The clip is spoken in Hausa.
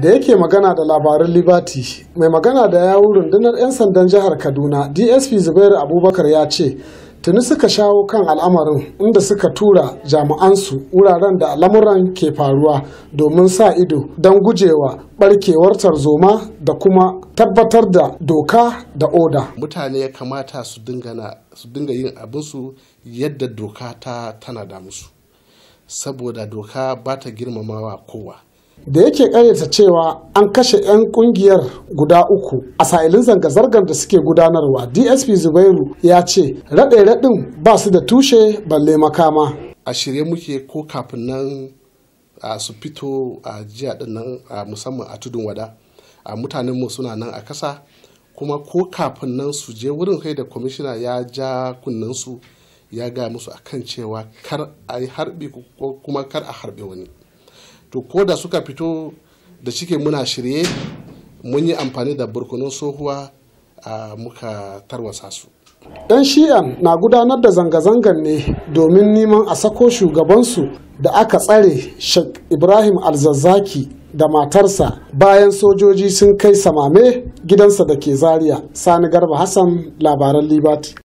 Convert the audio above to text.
da yake magana da labarin liberty mai magana da yawun rundunar 'yan sandan jihar kaduna dsp zubairu abubakar ya ce tuni suka shawo kan al'amarin inda suka tura jami'ansu wuraren da lamuran ke faruwa domin sa ido don gujewa barkewar tarzoma da kuma tabbatar da doka da oda mutane ya kamata su dinga yin abinsu yadda doka ta tana da musu saboda doka ba ta girmamawa kowa da yake karyata cewa an kashe 'yan kungiyar guda uku a sa'ilin zanga-zangar da suke gudanarwa dsp zubairu ya ce raɗe-raɗin ba su da tushe balle makama a shirye muke ko kafin nan su fito a jiya nan musamman a tudun wada a mu suna nan a kasa kuma ko kafin nan su je wurin kai da kwamishina ya ja kunnensu ya ga musu akan cewa kar a harbi kuma kar a harbe wani to ko da suka fito da cike muna shirye mun yi amfani da burkunan sohuwa a muka tarwasa su dan shi'an na gudanar da zanga-zangar ne domin neman a sako shugabansu da aka tsare Shek ibrahim alzazzaki da matarsa bayan sojoji sun kai samame gidansa da ke zaria sani garba hassan labaran libati